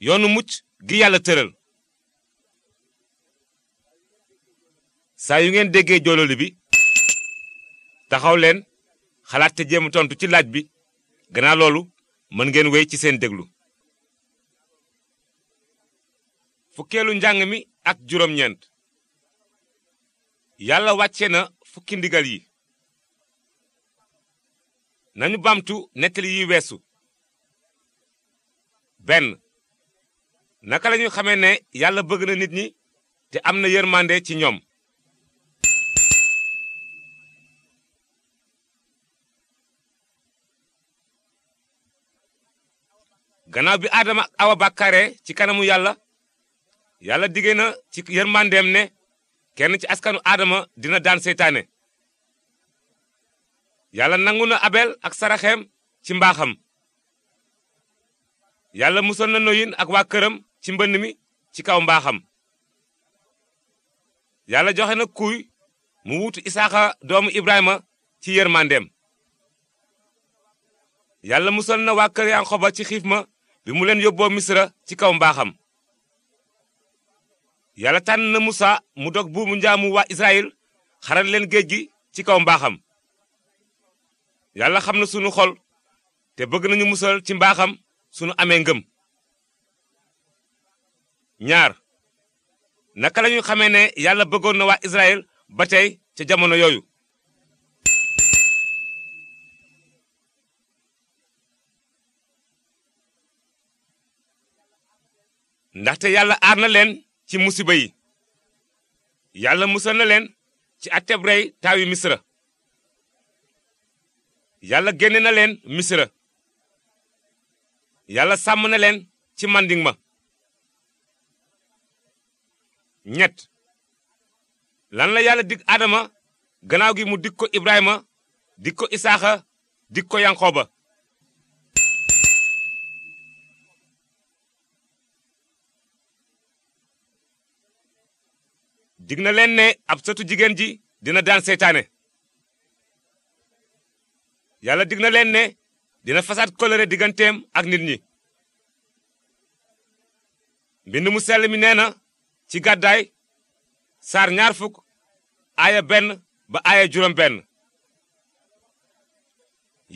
yoonu mucc gi yàlla tëral saa yu ngeen déggee joololi bi taxaw leen xalaat te jéem tontu ci laaj bi gannaaw loolu mën ngeen wéy ci seen déglu fukkeelu njàng mi ak juróom-ñeent yàlla wàcce na fukki ndigal yi nañu bamtu nettali yi weesu benn naka lañu xamee ne yàlla bëgg na nit ñi te am na yërmande ci ñoom ganaaw bi aadama ak awa bàkkaare ci kanamu yàlla yàlla diggee na ci yërmandeem ne kenn ci askanu aadama dina daan seytaane yàlla nangu na abel ak saraxeem ci mbaaxam yàlla musal na noyin ak waa këram ci mbënn mi ci kaw mbaaxam yàlla joxe na kuy mu wut isaaxa doomu ibrahima ci yërmandeem yàlla musal na waa kër yanqoba ci xiif ma bi mu leen yóbboo misra ci kaw mbaaxam yàlla tànn na musa mu dog buumu njaamu waa israyil xaral leen géej gi ci kaw mbaaxam yàlla xam na sunu xol te bëgg nañu musal ci mbaaxam sunu amee ngëm ñaar naka lañu xamee ne yàlla bëggoon na waa Israël ba tey ca jamono yooyu ndaxte yàlla aar na leen ci musiba yi yàlla musal na leen ci atteb rey taawi misra yàlla génne na leen misra yàlla sàmm na leen ci manding ñett lan la yàlla dig Adama gannaaw gi mu dig ko Ibrahima dig ko Isaaxa dig ko Yanqooba dig na leen ne ab sëtu jigéen ji dina daan seytaane yàlla dig na leen ne dina fasaat kóllëre digganteem ak nit ñi mbind mu sell mi ci gàddaay saar ñaar fukk aaya benn ba aaya juróom benn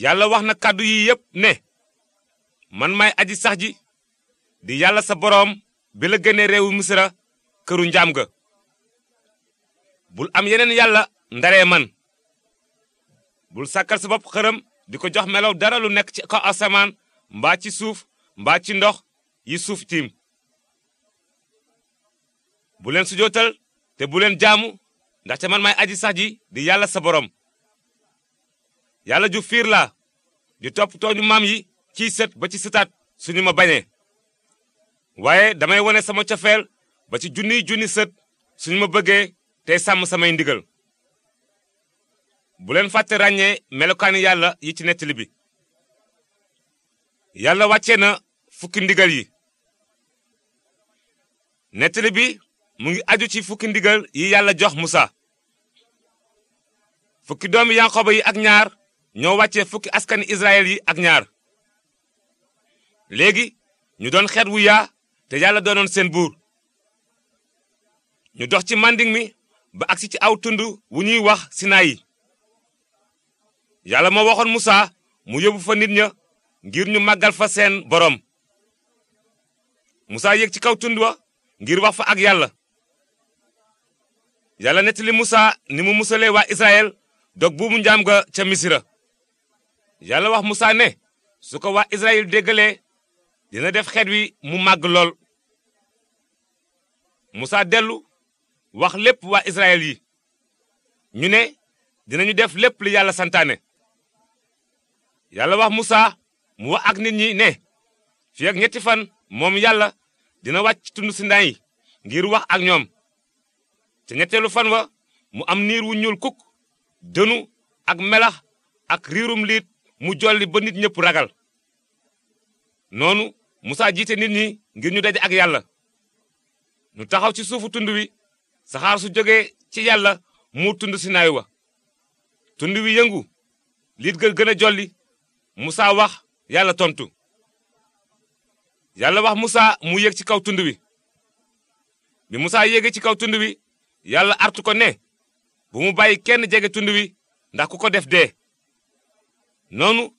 yàlla wax na kàddu yi yépp ne man may aji sax ji di yàlla sa boroom bi la génne réewu misira këru njaam ga bul am yeneen yàlla ndaree man bul sàkkal sa bopp xërëm di ko jox melow dara lu nekk ci kaw asamaan mbaa ci suuf mbaa ci ndox yi suuf tiim bu leen sujootal te bu leen jaamu ndaxte man may aji sax ji di yàlla sa borom yàlla ju fiir laa di tooñu maam yi ci sët ba ci sëtaat suñu ma bañee waaye damay wone sama cofeel ba ci junniy junni sët suñu ma bëggee te sàmm sama ndigal buleen fàtte ràññee melokaani yàlla yi ci nettali bi yàlla wàccee na fukki ndigal yi nettali bi mu ngi aju ci fukki ndigal yi yàlla jox musa fukki doom yanqoba yi ak ñaar ñoo wàccee fukki askani israel yi ak ñaar léegi ñu doon xeet wu yaa te yàlla doonoon seen buur ñu dox ci manding mi ba agsi ci aw tund wu ñuy wax sinayi yàlla moo waxoon musa mu yóbbu fa nit ña ngir ñu màggal fa seen boroom musa yéeg ci kaw tund wa ngir wax fa ak yàlla yàlla nettali musa ni mu musalee waa israel dog buumu njaam ga ca misira yàlla wax musa ne su ko waa israel déggalee dina def xeet wi mu màgg lool musa dellu wax lépp waa israel yi ñu ne dinañu def lépp li yàlla santaane yàlla wax musa mu wax ak nit ñi ne fi ñetti fan moom yàlla dina wàcc tund sindan yi ngir wax ak ñoom te ñetteelu fan wa mu am niir wu ñuul kuk dënu ak melax ak riirum liit mu jolli ba nit ñëpp ragal noonu musaa jiite nit ñi ngir ñu daje ak yàlla ñu taxaw ci suufu tund wi saxaar su jógee ci yàlla mu tund sinaay wa tund wi yëngu liit ga gën a jolli musa wax yàlla tontu yàlla wax musaa mu yéeg ci kaw tund wi bi musaa yéegee ci kaw tund wi yàlla artuko ne bu mu bàyyi kenn jege tund wi ndax ku ko def de noonu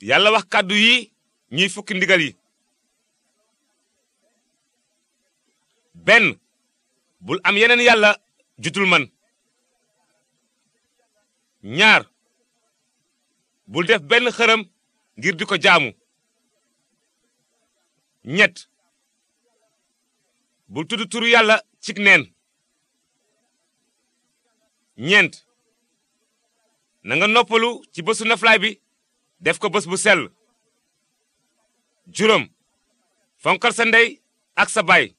yàlla wax kàddu yi ñuy fukki ndigal yi benn bul am yeneen yàlla jutul man ñaar bul def benn xërëm ngir di ko jaamu ñett bul tudd tur yàlla cig neen ñeent na nga noppalu ci bësu naflaay bi def ko bës bu sell juróom fonkal sa ndey ak sa baay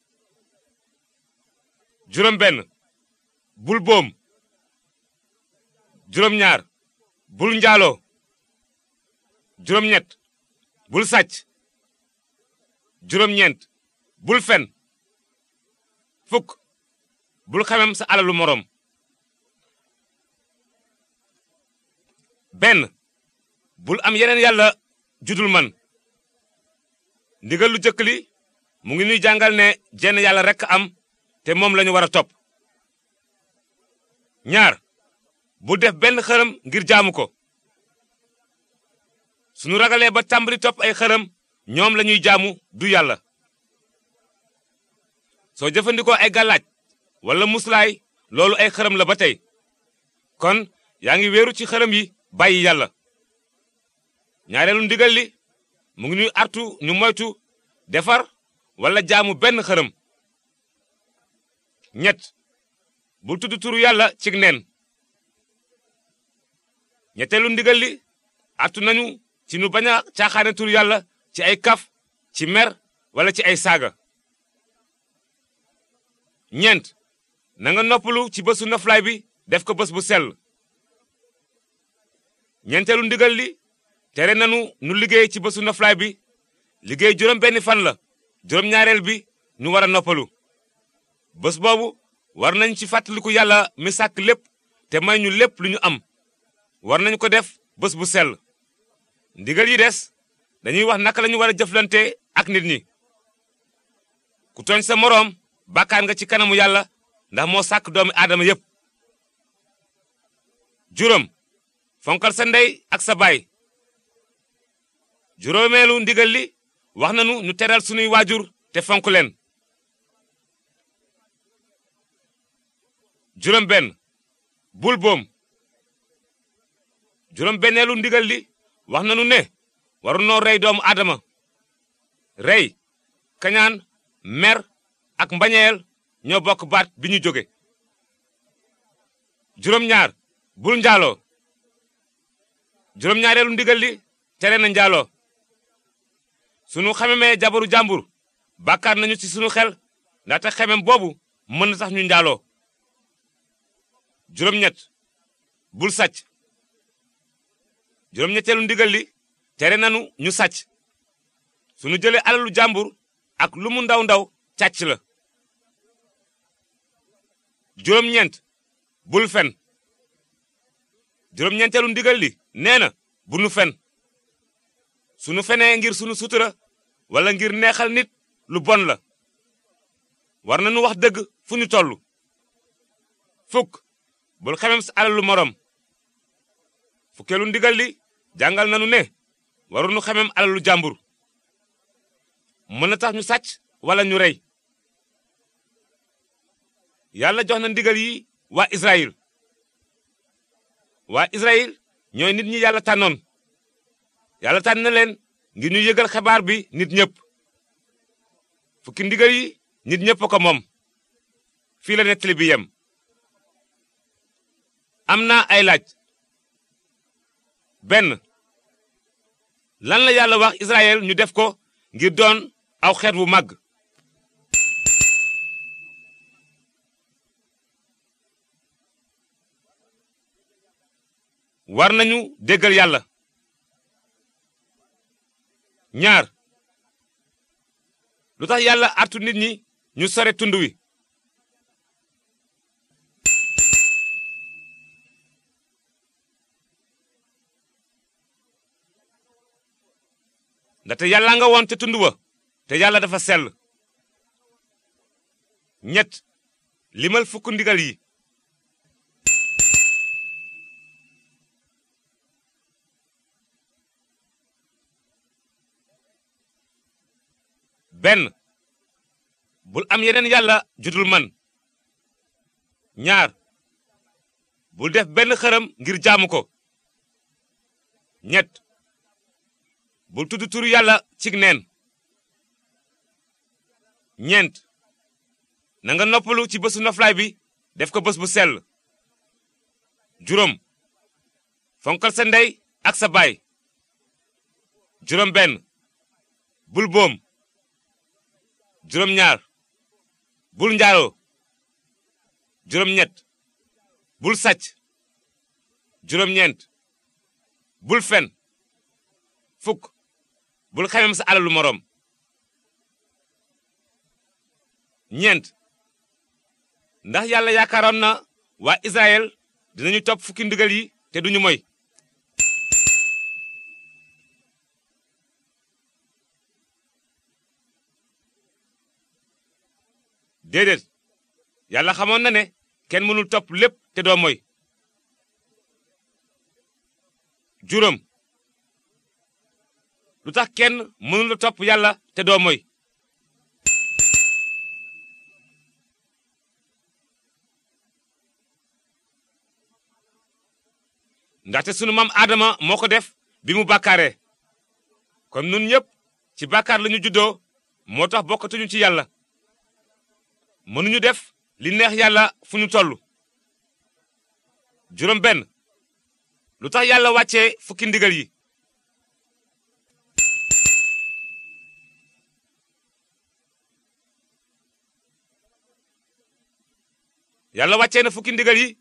juróom benn bul boom juróom ñaar bul njaaloo juróom ñett bul sàcc juróom ñeent bul fen fukk bul xamem sa alalu moroom benn bul am yeneen yàlla judul man ndigal lu jëkk li mu ngi nuy jàngal ne jenn yàlla rekk am te moom lañu war a topp ñaar bul def benn xërëm ngir jaamu ko sunu ragalee ba tàmbali topp ay xërëm ñoom lañuy jaamu du yàlla soo jëfandikoo ay gàllaaj wala muslaay loolu ay xërëm la ba tey kon yaa ngi wéeru ci xërëm yi bay yàlla ñaareelu ndigal li mu ngi ñuy artu ñu moytu defar walla jaamu benn xërëm ñett bu tudd turu yàlla cig neen ñetteelu ndigalli li artu nañu ci ñu bañ a caaxaane yàlla ci ay kaf ci mer wala ci ay saaga ñeent na nga noppalu ci bésu noflaay bi def ko bës bu sell ñeenteelu ndigal li tere nanu nu liggéey ci bésu noflaay bi liggéey juróom benni fan la juróom ñaareel bi ñu war a noppalu bës boobu war nañ ci fàttaliku yàlla mi sàkk lépp te may lépp lu ñu am war nañ ko def bës bu sell ndigal yi des dañuy wax naka lañu war a jëflante ak nit ñi ku tooñ sa moroom bàkkaar nga ci kanamu yàlla ndax moo sàkk doomi aadama yépp juróom fonkal sa ndey ak sa baay juróomeelu ndigal li wax nanu nu teral sunuy waajur te fonk leen juróom benn bul boom juróom benneelu ndigal li wax nanu ne waru noo rey doomu aadama rey kañaan mer ak mbañeel ñoo bokk baat bi ñu jóge juróom ñaar bul njaaloo juróom-ñaareelu ndigal li tere na njaaloo sunu xememee jabaru jàmbur bàkkaar nañu ci sunu xel ndaxte xemem boobu mën na sax ñu njaaloo juróom-ñett bul sàcc juróom-ñetteelu ndigal li tere nanu ñu sàcc sunu jëlee alalu jàmbur ak lumu ndaw ndaw càcc la juróom-ñeent bul fen juróom-ñeenteelu ndigal li nee na bu nu fen sunu fenee ngir sunu sutura wala ngir neexal nit lu bon la war nañu wax dëgg fu ñu tollu fuk bul xemem sa alalu moroom fukkeelu ndigal li jàngal nañu ne waruñu xemem alalu jàmbur mën na tax ñu sàcc walla ñu rey yàlla jox na ndigal yi waa waa Israël ñooy nit ñi yàlla tànnoon yàlla tànn na leen ngir ñu yëgal xabaar bi nit ñëpp fukki ndigal yi nit ñëpp ko moom fii la nettali bi yem am na ay laaj benn lan la yàlla wax Israël ñu def ko ngir doon aw xeet wu màgg war nañu déggal yàlla ñaar lu tax yàlla artu nit ñi ñu sore tund wi ndaxte yàlla nga woon ca tund wa te yàlla dafa sell ñett limal fukk ndigal yi benn bul am yeneen yàlla judul man ñaar bul def benn xëram ngir jaamu ko ñett bul tudd turu yàlla cig neen ñeent nanga nga noppalu ci bésu noflaay bi def ko bés bu sell juróom fonkal sa ak sabaay baay juróom benn bul boom juróom-ñaar bul njaaloo juróom-ñett bul sàcc juróom-ñeent bul fen fukk bul xemem sa alalu moroom ñeent ndax yàlla yaakaaroon na waa Israël dinañu topp fukki ndigal yi te duñu moy déedéet yàlla xamoon na ne kenn mënul topp lépp te doo moy juróom lu tax kenn mënul a topp yàlla te doo moy ndaxte sunu maam aadama moo ko def bi mu bàkkaaree kon nun ñépp ci bàkkaar lañu juddoo moo tax bokkatuñu ci yàlla mënuñu def li neex yàlla fu ñu toll juróom benn lu tax yàlla wàccee fukki ndigal yi yàlla wàccee na fukki ndigal yi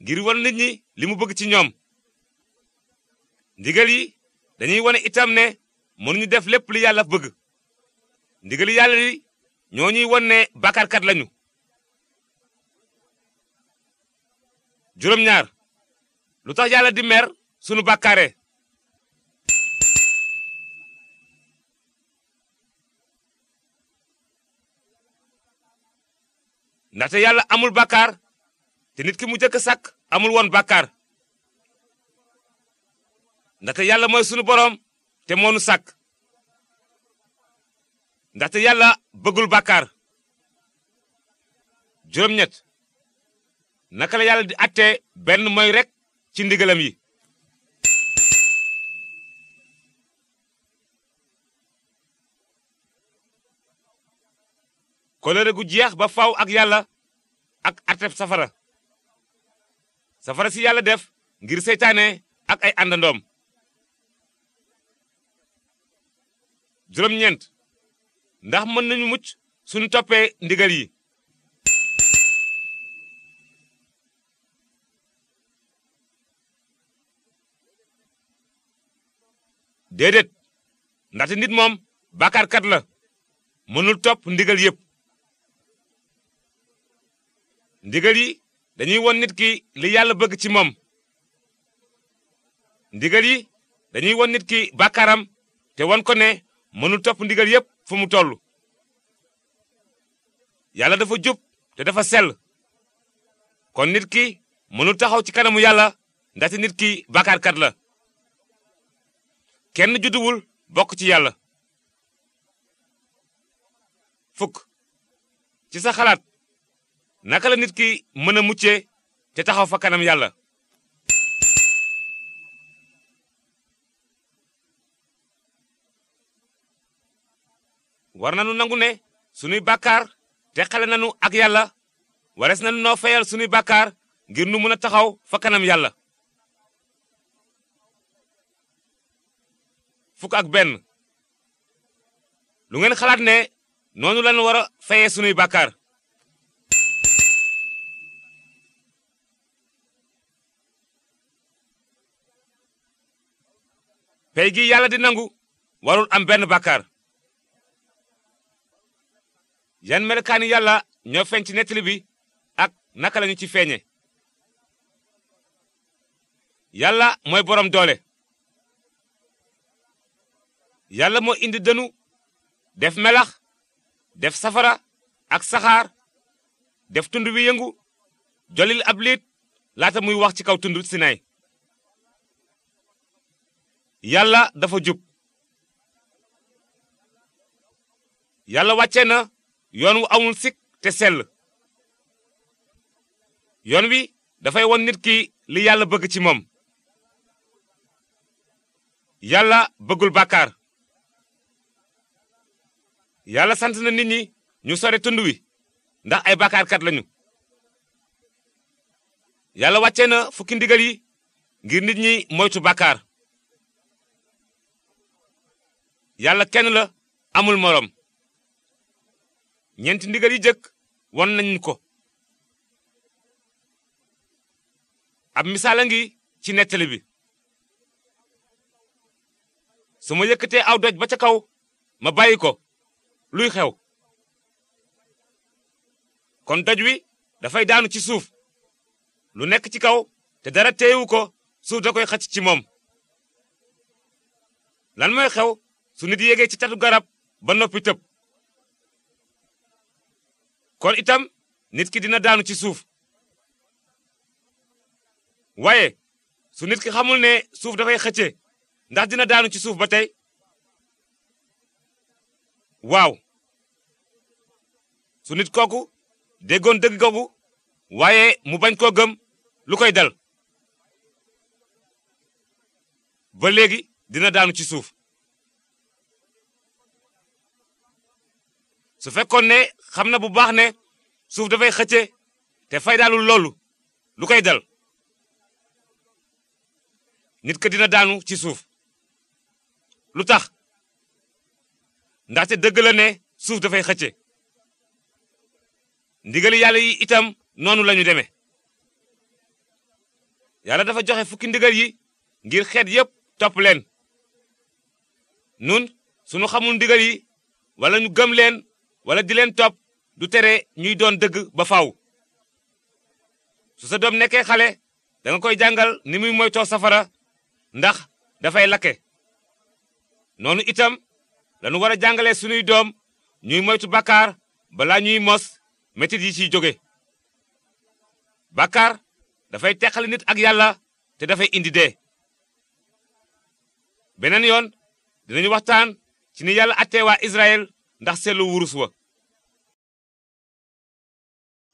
ngir won nit ñi li mu bëgg ci ñoom ndigal yi dañuy wone itam ne mënuñu def lépp li yàlla bëgg ndigali yàlla yi ñoo ñuy won ne lañu juróom-ñaar lu tax yàlla di sunu bakkare ndaxte yàlla amul bakkar te nit ki mu jëkk sàkk amul woon bakkar ndaxte yàlla mooy sunu borom te moonu sàkk ndaxte yàlla bëggul bàkkaar juróom ñett naka la yàlla di attee benn mooy rek ci ndigalam yi kóllëre gu jeex ba faw ak yàlla ak atteb safara safara si yàlla def ngir seytaane ak ay àndandoom juróom ndax mën nañu mucc suñu toppee ndigal yi déedéet ndaxte nit moom bàkkaarkat la mënul topp ndigal yépp ndigal yi dañuy won nit ki li yàlla bëgg ci moom ndigal yi dañuy won nit ki bàkkaaram te won ko ne mënul topp ndigal yépp mu toll yàlla dafa jub te dafa sel kon nit ki mënul taxaw ci kanamu yàlla ndaxte nit ki bàkkaarkat la kenn judduwul bokk ci yàlla fukk ci sa xalaat naka la nit ki mën a muccee te taxaw fa kanam yàlla war nanu nangu ne sunuy bàkkaar teqale nanu ak yàlla warees nanu noo fayal sunuy bàkkaar ngir nu mën a taxaw fa kanam yàlla fukk benn lu ngeen xalaat ne noonu lan war a fayee sunuy bàkkaar pey gi yàlla di nangu warul am benn bàkkaar yan melokaani yàlla ñoo feeñ ci nettali bi ak naka lañu ci feeñe yàlla mooy boroom doole yàlla moo indi dënu def melax def safara ak saxaar def tund wi yëngu jolil ab liit laata muy wax ci kaw tund sinaay yàlla dafa jub yàlla wàcce yoon wu amul sikk te yoon wi dafay won nit ki li yàlla bëgg ci moom yàlla bëggul bàkkaar yàlla sant na nit ñi ñu sore tund wi ndax ay bàkkaarkat lañu yàlla wàccee na fukki ndigal yi ngir nit ñi moytu bàkkaar yàlla kenn la amul moroom ñeenti ndigal yi jëkk wan nañ ko ab misaala ngi ci nettali bi su ma yëkkatee aw doj ba ca kaw ma bàyyi ko luy xew kon doj wi dafay daanu ci suuf lu nekk ci kaw te dara teewu ko suuf da koy xacc ci moom lan mooy xew su nit yéegee ci catu garab ba noppi tëb kon itam nit ki dina daanu ci suuf waaye su nit ki xamul ne suuf dafay xëcce ndax dina daanu ci suuf ba tey waaw su nit kooku déggoon dëgg googu waaye mu bañ koo gëm lu koy dal ba léegi dina daanu ci suuf su fekkoon ne xam na bu baax ne suuf dafay xëcce te fay daalul loolu lu koy dal nit ka dina daanu ci suuf lu tax ndaxte dëgg la ne suuf dafay xëcce ndigali yàlla yi itam noonu lañu demee yàlla dafa joxe fukki ndigal yi ngir xeet yépp topp leen nun sunu xamul ndigal yi wala gëm leen wala di leen topp du tere ñuy doon dëgg ba faw su sa doom nekkee xale danga koy jàngal ni muy moytoo safara ndax dafay lakke noonu itam lanu war a jàngale sunuy doom ñuy moytu bàkkaar balaa ñuy mos metit yi ciy jóge bàkkaar dafay teqali nit ak yàlla te dafay indi dee beneen yoon dinañu waxtaan ci ni yàlla attee waa Israël ndax seetlu wurus wa